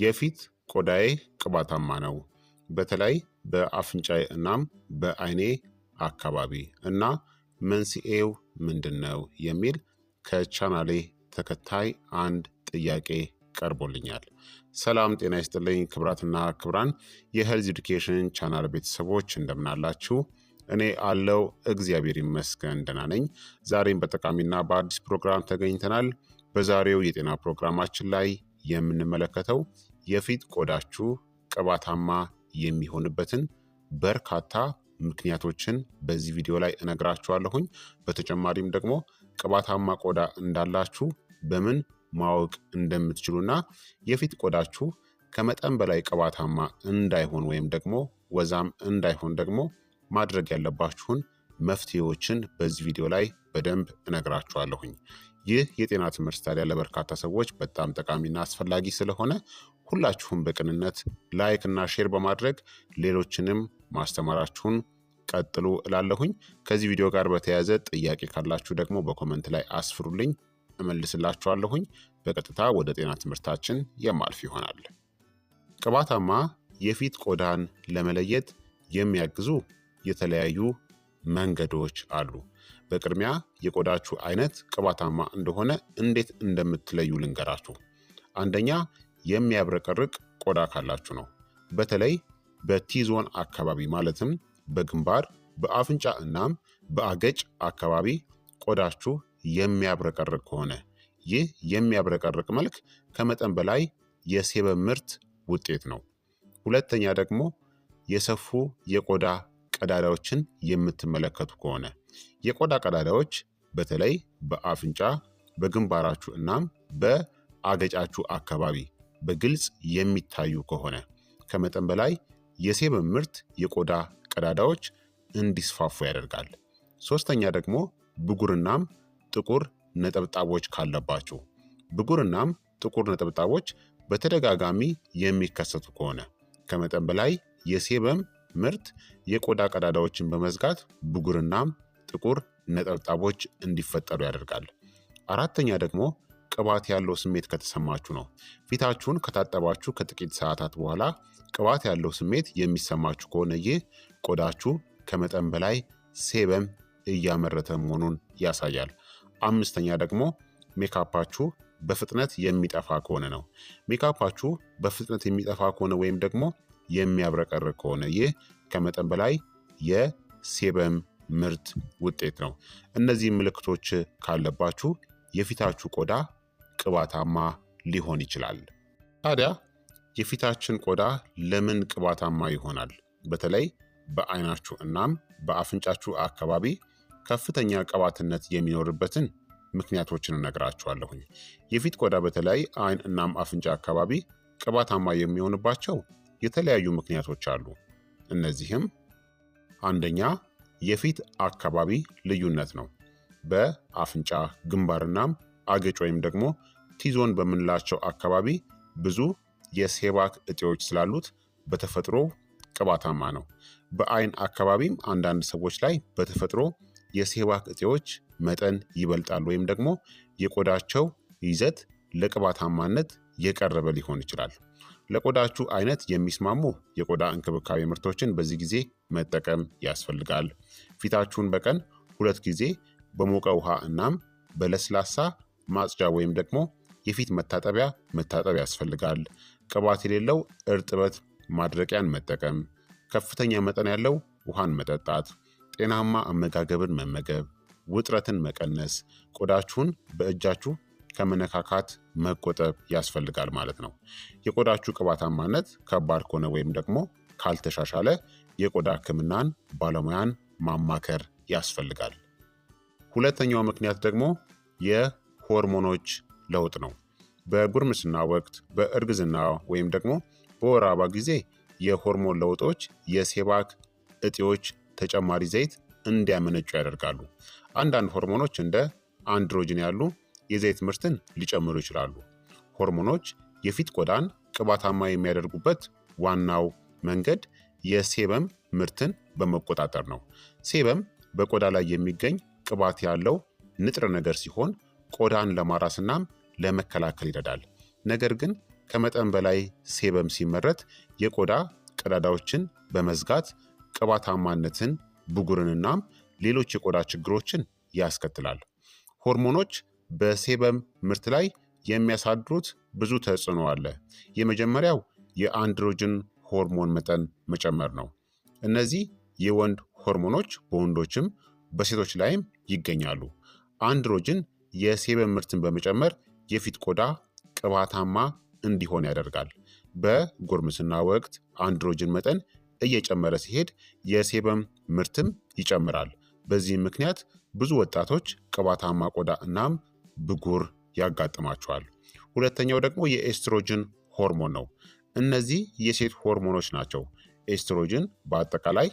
የፊት ቆዳዬ ቅባታማ ነው፣ በተለይ በአፍንጫዬ እናም በአይኔ አካባቢ እና መንስኤው ምንድን ነው የሚል ከቻናሌ ተከታይ አንድ ጥያቄ ቀርቦልኛል። ሰላም ጤና ይስጥልኝ ክብራትና ክብራን የሄልዝ ኤዱኬሽን ቻናል ቤተሰቦች እንደምናላችሁ እኔ አለው እግዚአብሔር ይመስገን ደህና ነኝ። ዛሬም በጠቃሚና በአዲስ ፕሮግራም ተገኝተናል። በዛሬው የጤና ፕሮግራማችን ላይ የምንመለከተው የፊት ቆዳችሁ ቅባታማ የሚሆንበትን በርካታ ምክንያቶችን በዚህ ቪዲዮ ላይ እነግራችኋለሁኝ። በተጨማሪም ደግሞ ቅባታማ ቆዳ እንዳላችሁ በምን ማወቅ እንደምትችሉና የፊት ቆዳችሁ ከመጠን በላይ ቅባታማ እንዳይሆን ወይም ደግሞ ወዛም እንዳይሆን ደግሞ ማድረግ ያለባችሁን መፍትሄዎችን በዚህ ቪዲዮ ላይ በደንብ እነግራችኋለሁኝ። ይህ የጤና ትምህርት ታዲያ ለበርካታ ሰዎች በጣም ጠቃሚና አስፈላጊ ስለሆነ ሁላችሁም በቅንነት ላይክ እና ሼር በማድረግ ሌሎችንም ማስተማራችሁን ቀጥሉ እላለሁኝ። ከዚህ ቪዲዮ ጋር በተያያዘ ጥያቄ ካላችሁ ደግሞ በኮመንት ላይ አስፍሩልኝ፣ እመልስላችኋለሁኝ። በቀጥታ ወደ ጤና ትምህርታችን የማልፍ ይሆናል። ቅባታማ የፊት ቆዳን ለመለየት የሚያግዙ የተለያዩ መንገዶች አሉ። በቅድሚያ የቆዳችሁ አይነት ቅባታማ እንደሆነ እንዴት እንደምትለዩ ልንገራችሁ። አንደኛ የሚያብረቀርቅ ቆዳ ካላችሁ ነው። በተለይ በቲዞን አካባቢ ማለትም በግንባር፣ በአፍንጫ እናም በአገጭ አካባቢ ቆዳችሁ የሚያብረቀርቅ ከሆነ ይህ የሚያብረቀርቅ መልክ ከመጠን በላይ የሴበም ምርት ውጤት ነው። ሁለተኛ ደግሞ የሰፉ የቆዳ ቀዳዳዎችን የምትመለከቱ ከሆነ የቆዳ ቀዳዳዎች በተለይ በአፍንጫ፣ በግንባራችሁ እናም በአገጫችሁ አካባቢ በግልጽ የሚታዩ ከሆነ ከመጠን በላይ የሴበም ምርት የቆዳ ቀዳዳዎች እንዲስፋፉ ያደርጋል። ሶስተኛ ደግሞ ብጉርናም ጥቁር ነጠብጣቦች ካለባችሁ ብጉርናም ጥቁር ነጠብጣቦች በተደጋጋሚ የሚከሰቱ ከሆነ ከመጠን በላይ የሴበም ምርት የቆዳ ቀዳዳዎችን በመዝጋት ብጉርና ጥቁር ነጠብጣቦች እንዲፈጠሩ ያደርጋል። አራተኛ ደግሞ ቅባት ያለው ስሜት ከተሰማችሁ ነው። ፊታችሁን ከታጠባችሁ ከጥቂት ሰዓታት በኋላ ቅባት ያለው ስሜት የሚሰማችሁ ከሆነ ይህ ቆዳችሁ ከመጠን በላይ ሴበም እያመረተ መሆኑን ያሳያል። አምስተኛ ደግሞ ሜካፓችሁ በፍጥነት የሚጠፋ ከሆነ ነው። ሜካፓችሁ በፍጥነት የሚጠፋ ከሆነ ወይም ደግሞ የሚያብረቀርቅ ከሆነ ይህ ከመጠን በላይ የሴበም ምርት ውጤት ነው። እነዚህ ምልክቶች ካለባችሁ የፊታችሁ ቆዳ ቅባታማ ሊሆን ይችላል። ታዲያ የፊታችን ቆዳ ለምን ቅባታማ ይሆናል? በተለይ በአይናችሁ እናም በአፍንጫችሁ አካባቢ ከፍተኛ ቅባትነት የሚኖርበትን ምክንያቶችን እነግራችኋለሁኝ። የፊት ቆዳ በተለይ አይን እናም አፍንጫ አካባቢ ቅባታማ የሚሆንባቸው የተለያዩ ምክንያቶች አሉ። እነዚህም አንደኛ የፊት አካባቢ ልዩነት ነው። በአፍንጫ ግንባርናም አገጭ ወይም ደግሞ ቲዞን በምንላቸው አካባቢ ብዙ የሴባክ እጢዎች ስላሉት በተፈጥሮ ቅባታማ ነው። በአይን አካባቢም አንዳንድ ሰዎች ላይ በተፈጥሮ የሴባክ እጢዎች መጠን ይበልጣል ወይም ደግሞ የቆዳቸው ይዘት ለቅባታማነት የቀረበ ሊሆን ይችላል። ለቆዳችሁ አይነት የሚስማሙ የቆዳ እንክብካቤ ምርቶችን በዚህ ጊዜ መጠቀም ያስፈልጋል። ፊታችሁን በቀን ሁለት ጊዜ በሞቀ ውሃ እናም በለስላሳ ማጽጃ ወይም ደግሞ የፊት መታጠቢያ መታጠብ ያስፈልጋል። ቅባት የሌለው እርጥበት ማድረቂያን መጠቀም፣ ከፍተኛ መጠን ያለው ውሃን መጠጣት፣ ጤናማ አመጋገብን መመገብ፣ ውጥረትን መቀነስ፣ ቆዳችሁን በእጃችሁ ከመነካካት መቆጠብ ያስፈልጋል ማለት ነው። የቆዳችሁ ቅባታማነት ከባድ ከሆነ ወይም ደግሞ ካልተሻሻለ የቆዳ ሕክምናን ባለሙያን ማማከር ያስፈልጋል። ሁለተኛው ምክንያት ደግሞ የሆርሞኖች ለውጥ ነው። በጉርምስና ወቅት፣ በእርግዝና ወይም ደግሞ በወር አበባ ጊዜ የሆርሞን ለውጦች የሴባክ እጢዎች ተጨማሪ ዘይት እንዲያመነጩ ያደርጋሉ። አንዳንድ ሆርሞኖች እንደ አንድሮጅን ያሉ የዘይት ምርትን ሊጨምሩ ይችላሉ። ሆርሞኖች የፊት ቆዳን ቅባታማ የሚያደርጉበት ዋናው መንገድ የሴበም ምርትን በመቆጣጠር ነው። ሴበም በቆዳ ላይ የሚገኝ ቅባት ያለው ንጥረ ነገር ሲሆን ቆዳን ለማራስናም ለመከላከል ይረዳል። ነገር ግን ከመጠን በላይ ሴበም ሲመረት የቆዳ ቀዳዳዎችን በመዝጋት ቅባታማነትን፣ ብጉርንናም ሌሎች የቆዳ ችግሮችን ያስከትላል። ሆርሞኖች በሴበም ምርት ላይ የሚያሳድሩት ብዙ ተጽዕኖ አለ። የመጀመሪያው የአንድሮጅን ሆርሞን መጠን መጨመር ነው። እነዚህ የወንድ ሆርሞኖች በወንዶችም በሴቶች ላይም ይገኛሉ። አንድሮጅን የሴበም ምርትን በመጨመር የፊት ቆዳ ቅባታማ እንዲሆን ያደርጋል። በጎርምስና ወቅት አንድሮጅን መጠን እየጨመረ ሲሄድ የሴበም ምርትም ይጨምራል። በዚህም ምክንያት ብዙ ወጣቶች ቅባታማ ቆዳ እናም ብጉር ያጋጥማቸዋል። ሁለተኛው ደግሞ የኤስትሮጅን ሆርሞን ነው። እነዚህ የሴት ሆርሞኖች ናቸው። ኤስትሮጅን በአጠቃላይ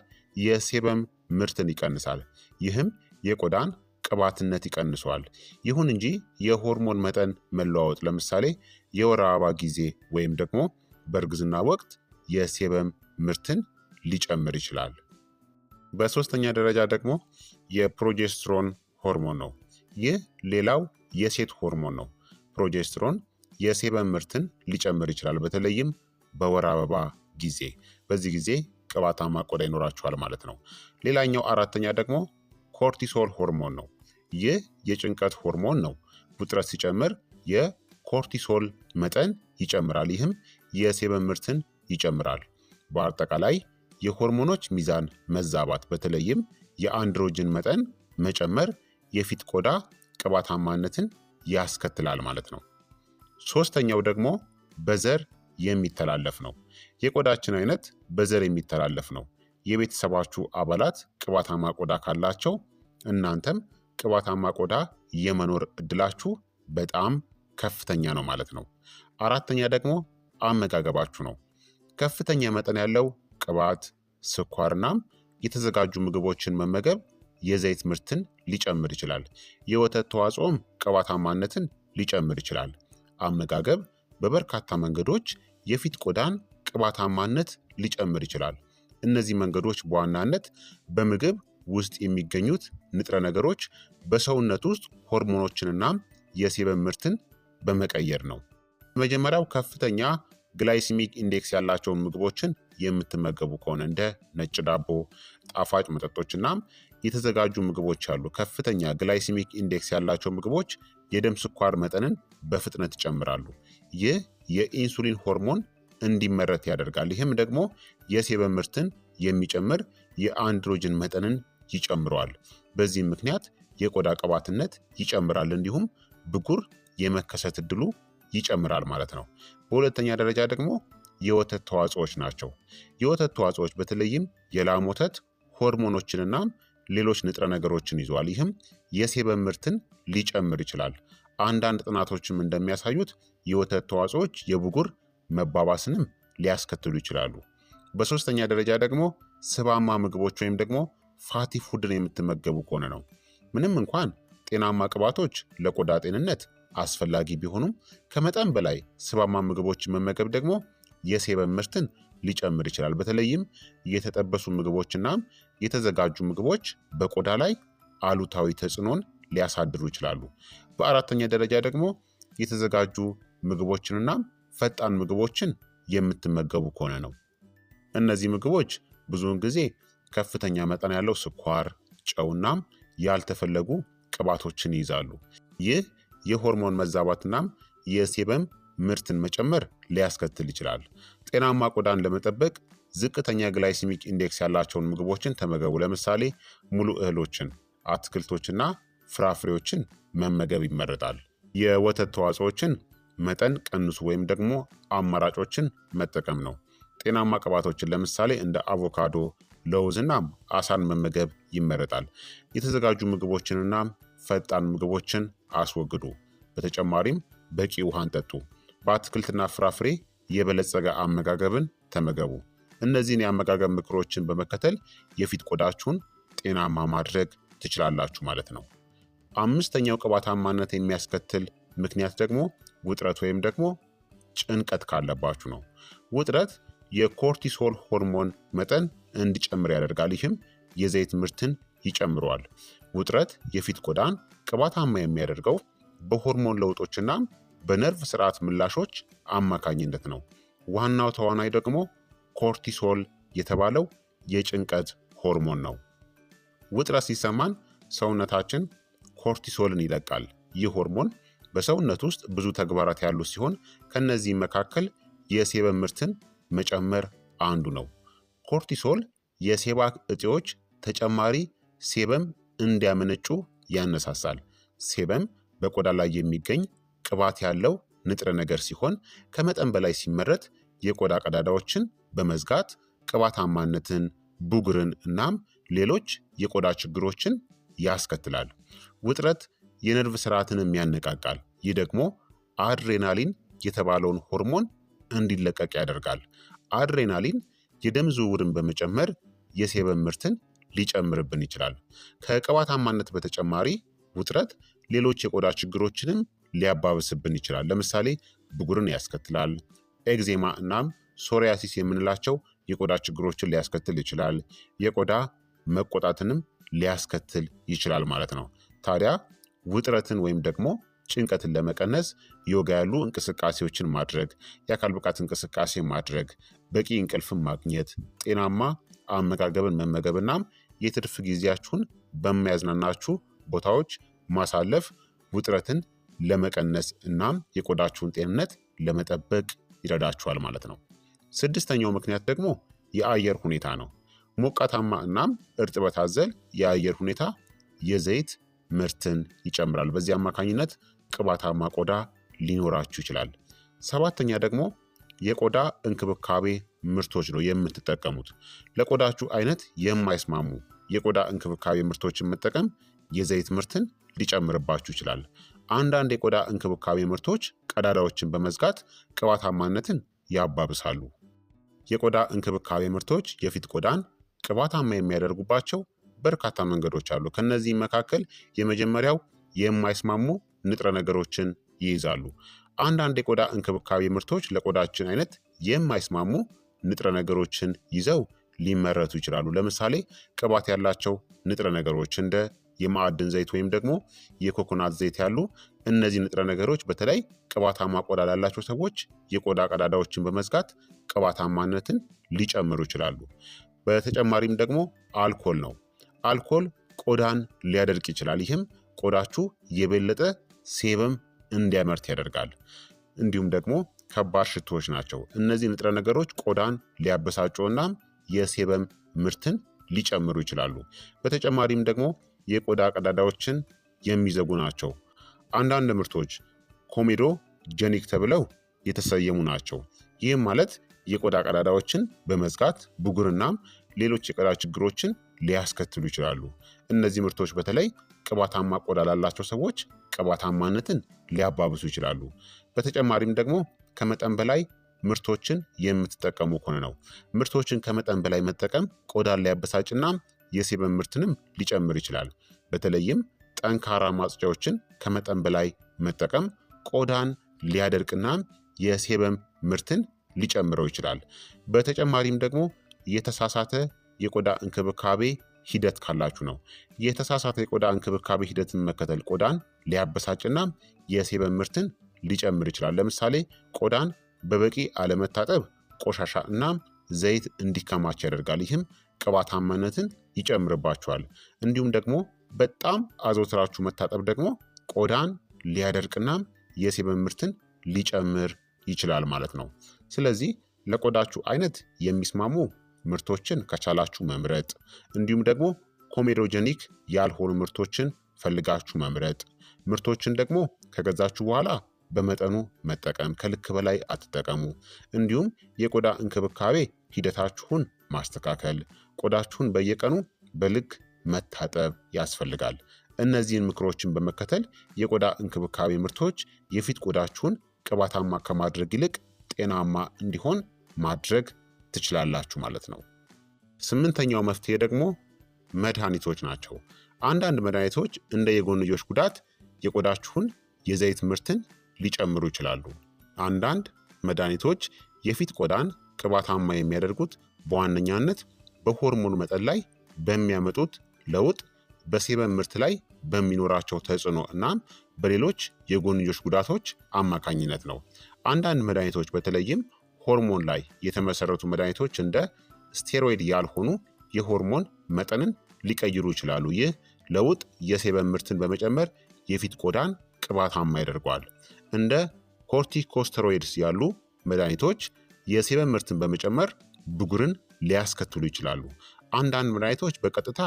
የሴበም ምርትን ይቀንሳል። ይህም የቆዳን ቅባትነት ይቀንሰዋል። ይሁን እንጂ የሆርሞን መጠን መለዋወጥ ለምሳሌ የወር አበባ ጊዜ ወይም ደግሞ በእርግዝና ወቅት የሴበም ምርትን ሊጨምር ይችላል። በሶስተኛ ደረጃ ደግሞ የፕሮጀስትሮን ሆርሞን ነው። ይህ ሌላው የሴት ሆርሞን ነው። ፕሮጀስትሮን የሴበ ምርትን ሊጨምር ይችላል፣ በተለይም በወር አበባ ጊዜ። በዚህ ጊዜ ቅባታማ ቆዳ ይኖራችኋል ማለት ነው። ሌላኛው አራተኛ ደግሞ ኮርቲሶል ሆርሞን ነው። ይህ የጭንቀት ሆርሞን ነው። ውጥረት ሲጨምር የኮርቲሶል መጠን ይጨምራል። ይህም የሴበን ምርትን ይጨምራል። በአጠቃላይ የሆርሞኖች ሚዛን መዛባት በተለይም የአንድሮጅን መጠን መጨመር የፊት ቆዳ ቅባታማነትን ያስከትላል ማለት ነው። ሶስተኛው ደግሞ በዘር የሚተላለፍ ነው። የቆዳችን አይነት በዘር የሚተላለፍ ነው። የቤተሰባችሁ አባላት ቅባታማ ቆዳ ካላቸው እናንተም ቅባታማ ቆዳ የመኖር እድላችሁ በጣም ከፍተኛ ነው ማለት ነው። አራተኛ ደግሞ አመጋገባችሁ ነው። ከፍተኛ መጠን ያለው ቅባት፣ ስኳርናም የተዘጋጁ ምግቦችን መመገብ የዘይት ምርትን ሊጨምር ይችላል። የወተት ተዋጽኦም ቅባታማነትን ሊጨምር ይችላል። አመጋገብ በበርካታ መንገዶች የፊት ቆዳን ቅባታማነት ሊጨምር ይችላል። እነዚህ መንገዶች በዋናነት በምግብ ውስጥ የሚገኙት ንጥረ ነገሮች በሰውነት ውስጥ ሆርሞኖችንና የሴበን ምርትን በመቀየር ነው። መጀመሪያው ከፍተኛ ግላይሲሚክ ኢንዴክስ ያላቸውን ምግቦችን የምትመገቡ ከሆነ እንደ ነጭ ዳቦ፣ ጣፋጭ መጠጦችና የተዘጋጁ ምግቦች አሉ። ከፍተኛ ግላይሲሚክ ኢንዴክስ ያላቸው ምግቦች የደም ስኳር መጠንን በፍጥነት ይጨምራሉ። ይህ የኢንሱሊን ሆርሞን እንዲመረት ያደርጋል። ይህም ደግሞ የሴበ ምርትን የሚጨምር የአንድሮጅን መጠንን ይጨምረዋል። በዚህም ምክንያት የቆዳ ቅባትነት ይጨምራል፣ እንዲሁም ብጉር የመከሰት እድሉ ይጨምራል ማለት ነው። በሁለተኛ ደረጃ ደግሞ የወተት ተዋጽኦዎች ናቸው። የወተት ተዋጽኦዎች በተለይም የላም ወተት ሆርሞኖችንና ሌሎች ንጥረ ነገሮችን ይዟል። ይህም የሴበ ምርትን ሊጨምር ይችላል። አንዳንድ ጥናቶችም እንደሚያሳዩት የወተት ተዋጽኦች የብጉር መባባስንም ሊያስከትሉ ይችላሉ። በሶስተኛ ደረጃ ደግሞ ስባማ ምግቦች ወይም ደግሞ ፋቲ ፉድን የምትመገቡ ከሆነ ነው። ምንም እንኳን ጤናማ ቅባቶች ለቆዳ ጤንነት አስፈላጊ ቢሆኑም ከመጠን በላይ ስባማ ምግቦችን መመገብ ደግሞ የሴበም ምርትን ሊጨምር ይችላል። በተለይም የተጠበሱ ምግቦችና የተዘጋጁ ምግቦች በቆዳ ላይ አሉታዊ ተጽዕኖን ሊያሳድሩ ይችላሉ። በአራተኛ ደረጃ ደግሞ የተዘጋጁ ምግቦችንና ፈጣን ምግቦችን የምትመገቡ ከሆነ ነው። እነዚህ ምግቦች ብዙውን ጊዜ ከፍተኛ መጠን ያለው ስኳር፣ ጨውናም ያልተፈለጉ ቅባቶችን ይይዛሉ። ይህ የሆርሞን መዛባትናም የሴበም ምርትን መጨመር ሊያስከትል ይችላል። ጤናማ ቆዳን ለመጠበቅ ዝቅተኛ ግላይሲሚክ ኢንዴክስ ያላቸውን ምግቦችን ተመገቡ። ለምሳሌ ሙሉ እህሎችን፣ አትክልቶችና ፍራፍሬዎችን መመገብ ይመረጣል። የወተት ተዋጽኦችን መጠን ቀንሱ ወይም ደግሞ አማራጮችን መጠቀም ነው። ጤናማ ቅባቶችን ለምሳሌ እንደ አቮካዶ፣ ለውዝና አሳን መመገብ ይመረጣል። የተዘጋጁ ምግቦችንና ፈጣን ምግቦችን አስወግዱ። በተጨማሪም በቂ ውሃን ጠጡ። በአትክልትና ፍራፍሬ የበለጸገ አመጋገብን ተመገቡ። እነዚህን የአመጋገብ ምክሮችን በመከተል የፊት ቆዳችሁን ጤናማ ማድረግ ትችላላችሁ ማለት ነው። አምስተኛው ቅባታማነት የሚያስከትል ምክንያት ደግሞ ውጥረት ወይም ደግሞ ጭንቀት ካለባችሁ ነው። ውጥረት የኮርቲሶል ሆርሞን መጠን እንዲጨምር ያደርጋል። ይህም የዘይት ምርትን ይጨምረዋል። ውጥረት የፊት ቆዳን ቅባታማ የሚያደርገው በሆርሞን ለውጦችና በነርቭ ስርዓት ምላሾች አማካኝነት ነው። ዋናው ተዋናይ ደግሞ ኮርቲሶል የተባለው የጭንቀት ሆርሞን ነው። ውጥረት ሲሰማን ሰውነታችን ኮርቲሶልን ይለቃል። ይህ ሆርሞን በሰውነት ውስጥ ብዙ ተግባራት ያሉት ሲሆን ከነዚህ መካከል የሴበ ምርትን መጨመር አንዱ ነው። ኮርቲሶል የሴባ እጢዎች ተጨማሪ ሴበም እንዲያመነጩ ያነሳሳል። ሴበም በቆዳ ላይ የሚገኝ ቅባት ያለው ንጥረ ነገር ሲሆን ከመጠን በላይ ሲመረት የቆዳ ቀዳዳዎችን በመዝጋት ቅባታማነትን፣ ቡግርን እናም ሌሎች የቆዳ ችግሮችን ያስከትላል። ውጥረት የነርቭ ስርዓትንም ያነቃቃል። ይህ ደግሞ አድሬናሊን የተባለውን ሆርሞን እንዲለቀቅ ያደርጋል። አድሬናሊን የደም ዝውውርን በመጨመር የሴበን ምርትን ሊጨምርብን ይችላል። ከቅባታማነት በተጨማሪ ውጥረት ሌሎች የቆዳ ችግሮችንም ሊያባብስብን ይችላል። ለምሳሌ ብጉርን ያስከትላል፣ ኤግዜማ እናም ሶሪያሲስ የምንላቸው የቆዳ ችግሮችን ሊያስከትል ይችላል። የቆዳ መቆጣትንም ሊያስከትል ይችላል ማለት ነው። ታዲያ ውጥረትን ወይም ደግሞ ጭንቀትን ለመቀነስ ዮጋ ያሉ እንቅስቃሴዎችን ማድረግ፣ የአካል ብቃት እንቅስቃሴ ማድረግ፣ በቂ እንቅልፍን ማግኘት፣ ጤናማ አመጋገብን መመገብ እናም የትርፍ ጊዜያችሁን በሚያዝናናችሁ ቦታዎች ማሳለፍ ውጥረትን ለመቀነስ እናም የቆዳችሁን ጤንነት ለመጠበቅ ይረዳችኋል ማለት ነው። ስድስተኛው ምክንያት ደግሞ የአየር ሁኔታ ነው። ሞቃታማ እናም እርጥበት አዘል የአየር ሁኔታ የዘይት ምርትን ይጨምራል። በዚህ አማካኝነት ቅባታማ ቆዳ ሊኖራችሁ ይችላል። ሰባተኛ ደግሞ የቆዳ እንክብካቤ ምርቶች ነው የምትጠቀሙት። ለቆዳችሁ አይነት የማይስማሙ የቆዳ እንክብካቤ ምርቶችን መጠቀም የዘይት ምርትን ሊጨምርባችሁ ይችላል። አንዳንድ የቆዳ እንክብካቤ ምርቶች ቀዳዳዎችን በመዝጋት ቅባታማነትን ያባብሳሉ። የቆዳ እንክብካቤ ምርቶች የፊት ቆዳን ቅባታማ የሚያደርጉባቸው በርካታ መንገዶች አሉ። ከነዚህ መካከል የመጀመሪያው የማይስማሙ ንጥረ ነገሮችን ይይዛሉ። አንዳንድ የቆዳ እንክብካቤ ምርቶች ለቆዳችን አይነት የማይስማሙ ንጥረ ነገሮችን ይዘው ሊመረቱ ይችላሉ። ለምሳሌ ቅባት ያላቸው ንጥረ ነገሮች እንደ የማዕድን ዘይት ወይም ደግሞ የኮኮናት ዘይት ያሉ እነዚህ ንጥረ ነገሮች በተለይ ቅባታማ ቆዳ ላላቸው ሰዎች የቆዳ ቀዳዳዎችን በመዝጋት ቅባታማነትን ሊጨምሩ ይችላሉ። በተጨማሪም ደግሞ አልኮል ነው። አልኮል ቆዳን ሊያደርቅ ይችላል። ይህም ቆዳችሁ የበለጠ ሴበም እንዲያመርት ያደርጋል። እንዲሁም ደግሞ ከባድ ሽቶዎች ናቸው። እነዚህ ንጥረ ነገሮች ቆዳን ሊያበሳጩ እናም የሴበም ምርትን ሊጨምሩ ይችላሉ። በተጨማሪም ደግሞ የቆዳ ቀዳዳዎችን የሚዘጉ ናቸው። አንዳንድ ምርቶች ኮሜዶ ጀኒክ ተብለው የተሰየሙ ናቸው። ይህም ማለት የቆዳ ቀዳዳዎችን በመዝጋት ብጉርናም ሌሎች የቆዳ ችግሮችን ሊያስከትሉ ይችላሉ። እነዚህ ምርቶች በተለይ ቅባታማ ቆዳ ላላቸው ሰዎች ቅባታማነትን ሊያባብሱ ይችላሉ። በተጨማሪም ደግሞ ከመጠን በላይ ምርቶችን የምትጠቀሙ ከሆነ ነው። ምርቶችን ከመጠን በላይ መጠቀም ቆዳን ሊያበሳጭና የሴበን ምርትንም ሊጨምር ይችላል። በተለይም ጠንካራ ማጽጃዎችን ከመጠን በላይ መጠቀም ቆዳን ሊያደርቅና የሴበም ምርትን ሊጨምረው ይችላል። በተጨማሪም ደግሞ የተሳሳተ የቆዳ እንክብካቤ ሂደት ካላችሁ ነው። የተሳሳተ የቆዳ እንክብካቤ ሂደትን መከተል ቆዳን ሊያበሳጭና የሴበም ምርትን ሊጨምር ይችላል። ለምሳሌ ቆዳን በበቂ አለመታጠብ ቆሻሻ እናም ዘይት እንዲከማች ያደርጋል። ይህም ቅባታማነትን ይጨምርባቸዋል። እንዲሁም ደግሞ በጣም አዘውትራችሁ መታጠብ ደግሞ ቆዳን ሊያደርቅናም የሴበም ምርትን ሊጨምር ይችላል ማለት ነው። ስለዚህ ለቆዳችሁ አይነት የሚስማሙ ምርቶችን ከቻላችሁ መምረጥ፣ እንዲሁም ደግሞ ኮሜዶጀኒክ ያልሆኑ ምርቶችን ፈልጋችሁ መምረጥ። ምርቶችን ደግሞ ከገዛችሁ በኋላ በመጠኑ መጠቀም፣ ከልክ በላይ አትጠቀሙ። እንዲሁም የቆዳ እንክብካቤ ሂደታችሁን ማስተካከል ቆዳችሁን በየቀኑ በልክ መታጠብ ያስፈልጋል። እነዚህን ምክሮችን በመከተል የቆዳ እንክብካቤ ምርቶች የፊት ቆዳችሁን ቅባታማ ከማድረግ ይልቅ ጤናማ እንዲሆን ማድረግ ትችላላችሁ ማለት ነው። ስምንተኛው መፍትሄ ደግሞ መድኃኒቶች ናቸው። አንዳንድ መድኃኒቶች እንደ የጎንዮሽ ጉዳት የቆዳችሁን የዘይት ምርትን ሊጨምሩ ይችላሉ። አንዳንድ መድኃኒቶች የፊት ቆዳን ቅባታማ የሚያደርጉት በዋነኛነት በሆርሞን መጠን ላይ በሚያመጡት ለውጥ፣ በሴበን ምርት ላይ በሚኖራቸው ተጽዕኖ እናም በሌሎች የጎንዮሽ ጉዳቶች አማካኝነት ነው። አንዳንድ መድኃኒቶች በተለይም ሆርሞን ላይ የተመሰረቱ መድኃኒቶች እንደ ስቴሮይድ ያልሆኑ የሆርሞን መጠንን ሊቀይሩ ይችላሉ። ይህ ለውጥ የሴበን ምርትን በመጨመር የፊት ቆዳን ቅባታማ ያደርገዋል። እንደ ኮርቲኮስተሮይድስ ያሉ መድኃኒቶች የሴበን ምርትን በመጨመር ብጉርን ሊያስከትሉ ይችላሉ። አንዳንድ መድኃኒቶች በቀጥታ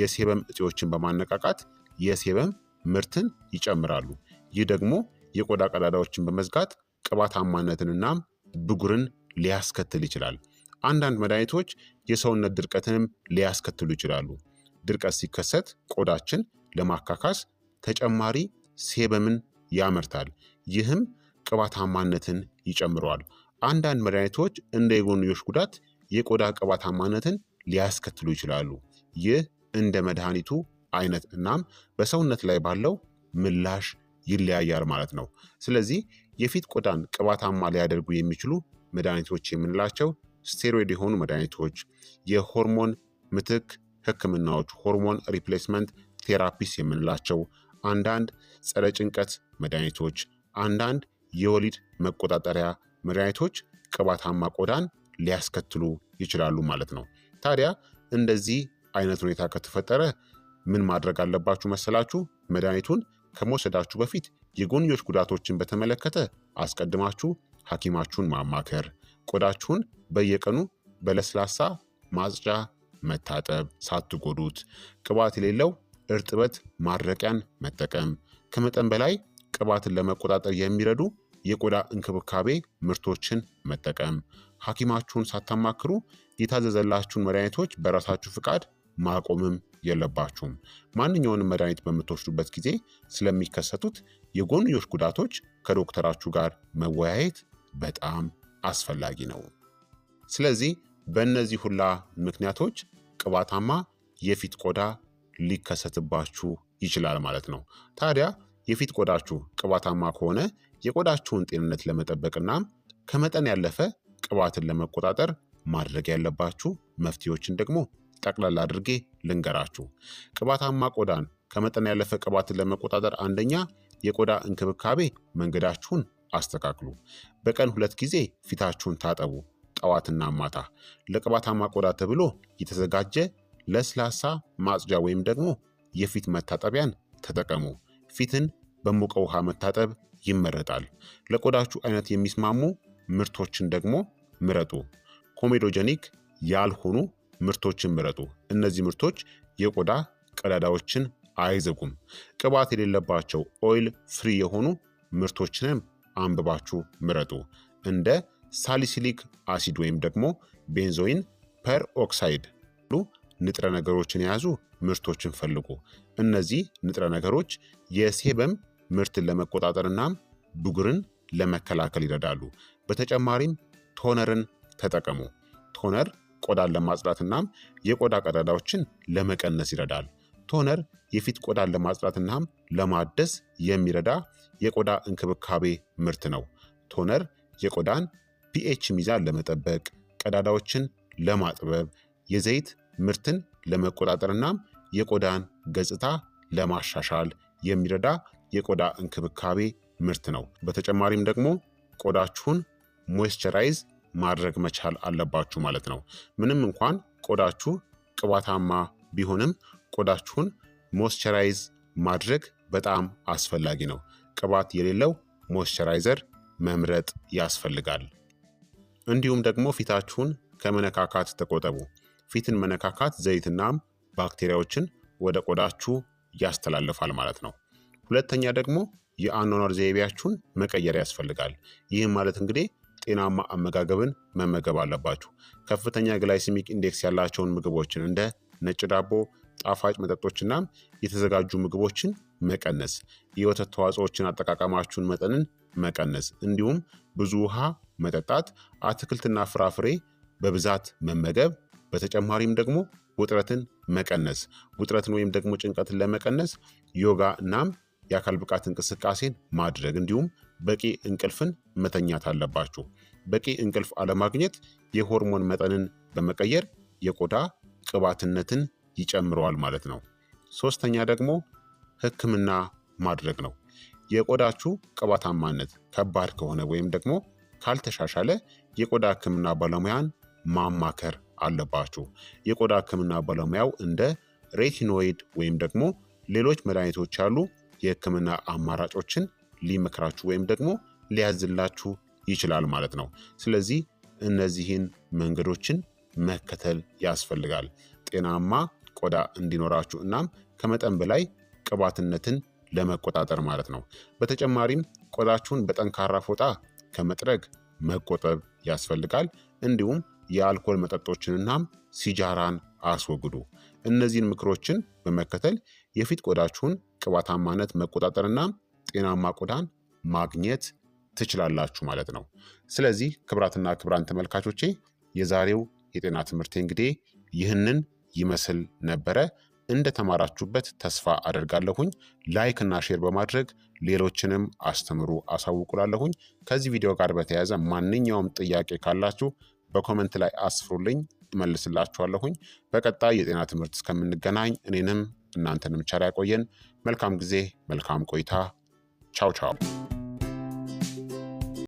የሴበም እጢዎችን በማነቃቃት የሴበም ምርትን ይጨምራሉ። ይህ ደግሞ የቆዳ ቀዳዳዎችን በመዝጋት ቅባታማነትንና ብጉርን ሊያስከትል ይችላል። አንዳንድ መድኃኒቶች የሰውነት ድርቀትንም ሊያስከትሉ ይችላሉ። ድርቀት ሲከሰት ቆዳችን ለማካካስ ተጨማሪ ሴበምን ያመርታል። ይህም ቅባታማነትን ይጨምረዋል። አንዳንድ መድኃኒቶች እንደ የጎንዮሽ ጉዳት የቆዳ ቅባታማነትን ሊያስከትሉ ይችላሉ። ይህ እንደ መድኃኒቱ አይነት እናም በሰውነት ላይ ባለው ምላሽ ይለያያል ማለት ነው። ስለዚህ የፊት ቆዳን ቅባታማ ሊያደርጉ የሚችሉ መድኃኒቶች የምንላቸው ስቴሮይድ የሆኑ መድኃኒቶች፣ የሆርሞን ምትክ ህክምናዎች፣ ሆርሞን ሪፕሌስመንት ቴራፒስ የምንላቸው፣ አንዳንድ ጸረ ጭንቀት መድኃኒቶች፣ አንዳንድ የወሊድ መቆጣጠሪያ መድኃኒቶች ቅባታማ ቆዳን ሊያስከትሉ ይችላሉ ማለት ነው። ታዲያ እንደዚህ አይነት ሁኔታ ከተፈጠረ ምን ማድረግ አለባችሁ መሰላችሁ? መድኃኒቱን ከመውሰዳችሁ በፊት የጎንዮሽ ጉዳቶችን በተመለከተ አስቀድማችሁ ሐኪማችሁን ማማከር፣ ቆዳችሁን በየቀኑ በለስላሳ ማጽጃ መታጠብ ሳትጎዱት፣ ቅባት የሌለው እርጥበት ማድረቂያን መጠቀም፣ ከመጠን በላይ ቅባትን ለመቆጣጠር የሚረዱ የቆዳ እንክብካቤ ምርቶችን መጠቀም፣ ሐኪማችሁን ሳታማክሩ የታዘዘላችሁን መድኃኒቶች በራሳችሁ ፍቃድ ማቆምም የለባችሁም። ማንኛውንም መድኃኒት በምትወስዱበት ጊዜ ስለሚከሰቱት የጎንዮሽ ጉዳቶች ከዶክተራችሁ ጋር መወያየት በጣም አስፈላጊ ነው። ስለዚህ በእነዚህ ሁላ ምክንያቶች ቅባታማ የፊት ቆዳ ሊከሰትባችሁ ይችላል ማለት ነው። ታዲያ የፊት ቆዳችሁ ቅባታማ ከሆነ የቆዳችሁን ጤንነት ለመጠበቅና ከመጠን ያለፈ ቅባትን ለመቆጣጠር ማድረግ ያለባችሁ መፍትሄዎችን ደግሞ ጠቅላላ አድርጌ ልንገራችሁ። ቅባታማ ቆዳን ከመጠን ያለፈ ቅባትን ለመቆጣጠር አንደኛ የቆዳ እንክብካቤ መንገዳችሁን አስተካክሉ። በቀን ሁለት ጊዜ ፊታችሁን ታጠቡ፣ ጠዋትና ማታ። ለቅባታማ ቆዳ ተብሎ የተዘጋጀ ለስላሳ ማጽጃ ወይም ደግሞ የፊት መታጠቢያን ተጠቀሙ። ፊትን በሞቀ ውሃ መታጠብ ይመረጣል። ለቆዳችሁ አይነት የሚስማሙ ምርቶችን ደግሞ ምረጡ። ኮሜዶጀኒክ ያልሆኑ ምርቶችን ምረጡ። እነዚህ ምርቶች የቆዳ ቀዳዳዎችን አይዘጉም። ቅባት የሌለባቸው ኦይል ፍሪ የሆኑ ምርቶችንም አንብባችሁ ምረጡ። እንደ ሳሊሲሊክ አሲድ ወይም ደግሞ ቤንዞይን ፐር ኦክሳይድ ሉ ንጥረ ነገሮችን የያዙ ምርቶችን ፈልጉ። እነዚህ ንጥረ ነገሮች የሴበም ምርትን ለመቆጣጠር እናም ብጉርን ለመከላከል ይረዳሉ። በተጨማሪም ቶነርን ተጠቀሙ። ቶነር ቆዳን ለማጽዳት የቆዳ ቀዳዳዎችን ለመቀነስ ይረዳል። ቶነር የፊት ቆዳን ለማጽዳት ለማደስ የሚረዳ የቆዳ እንክብካቤ ምርት ነው። ቶነር የቆዳን ፒኤች ሚዛን ለመጠበቅ፣ ቀዳዳዎችን ለማጥበብ፣ የዘይት ምርትን ለመቆጣጠር እናም የቆዳን ገጽታ ለማሻሻል የሚረዳ የቆዳ እንክብካቤ ምርት ነው። በተጨማሪም ደግሞ ቆዳችሁን ሞይስቸራይዝ ማድረግ መቻል አለባችሁ ማለት ነው። ምንም እንኳን ቆዳችሁ ቅባታማ ቢሆንም ቆዳችሁን ሞይስቸራይዝ ማድረግ በጣም አስፈላጊ ነው። ቅባት የሌለው ሞይስቸራይዘር መምረጥ ያስፈልጋል። እንዲሁም ደግሞ ፊታችሁን ከመነካካት ተቆጠቡ። ፊትን መነካካት ዘይትናም ባክቴሪያዎችን ወደ ቆዳችሁ ያስተላልፋል ማለት ነው። ሁለተኛ ደግሞ የአኗኗር ዘይቤያችሁን መቀየር ያስፈልጋል። ይህም ማለት እንግዲህ ጤናማ አመጋገብን መመገብ አለባችሁ። ከፍተኛ ግላይሲሚክ ኢንዴክስ ያላቸውን ምግቦችን እንደ ነጭ ዳቦ፣ ጣፋጭ መጠጦችና የተዘጋጁ ምግቦችን መቀነስ፣ የወተት ተዋጽኦችን አጠቃቀማችሁን መጠንን መቀነስ፣ እንዲሁም ብዙ ውሃ መጠጣት፣ አትክልትና ፍራፍሬ በብዛት መመገብ፣ በተጨማሪም ደግሞ ውጥረትን መቀነስ። ውጥረትን ወይም ደግሞ ጭንቀትን ለመቀነስ ዮጋ እናም የአካል ብቃት እንቅስቃሴን ማድረግ እንዲሁም በቂ እንቅልፍን መተኛት አለባችሁ። በቂ እንቅልፍ አለማግኘት የሆርሞን መጠንን በመቀየር የቆዳ ቅባትነትን ይጨምረዋል ማለት ነው። ሶስተኛ ደግሞ ህክምና ማድረግ ነው። የቆዳችሁ ቅባታማነት ከባድ ከሆነ ወይም ደግሞ ካልተሻሻለ የቆዳ ህክምና ባለሙያን ማማከር አለባችሁ። የቆዳ ህክምና ባለሙያው እንደ ሬቲኖይድ ወይም ደግሞ ሌሎች መድኃኒቶች ያሉ የህክምና አማራጮችን ሊመክራችሁ ወይም ደግሞ ሊያዝላችሁ ይችላል ማለት ነው። ስለዚህ እነዚህን መንገዶችን መከተል ያስፈልጋል ጤናማ ቆዳ እንዲኖራችሁ እናም ከመጠን በላይ ቅባትነትን ለመቆጣጠር ማለት ነው። በተጨማሪም ቆዳችሁን በጠንካራ ፎጣ ከመጥረግ መቆጠብ ያስፈልጋል። እንዲሁም የአልኮል መጠጦችን እናም ሲጃራን አስወግዱ። እነዚህን ምክሮችን በመከተል የፊት ቆዳችሁን ቅባታማነት መቆጣጠርና ጤናማ ቆዳን ማግኘት ትችላላችሁ ማለት ነው። ስለዚህ ክብራትና ክብራን ተመልካቾቼ የዛሬው የጤና ትምህርቴ እንግዲህ ይህንን ይመስል ነበረ። እንደተማራችሁበት ተስፋ አደርጋለሁኝ። ላይክ እና ሼር በማድረግ ሌሎችንም አስተምሩ አሳውቁላለሁኝ። ከዚህ ቪዲዮ ጋር በተያያዘ ማንኛውም ጥያቄ ካላችሁ በኮመንት ላይ አስፍሩልኝ፣ እመልስላችኋለሁኝ። በቀጣይ የጤና ትምህርት እስከምንገናኝ እኔንም እናንተንም ቸር ያቆየን። መልካም ጊዜ፣ መልካም ቆይታ። ቻው ቻው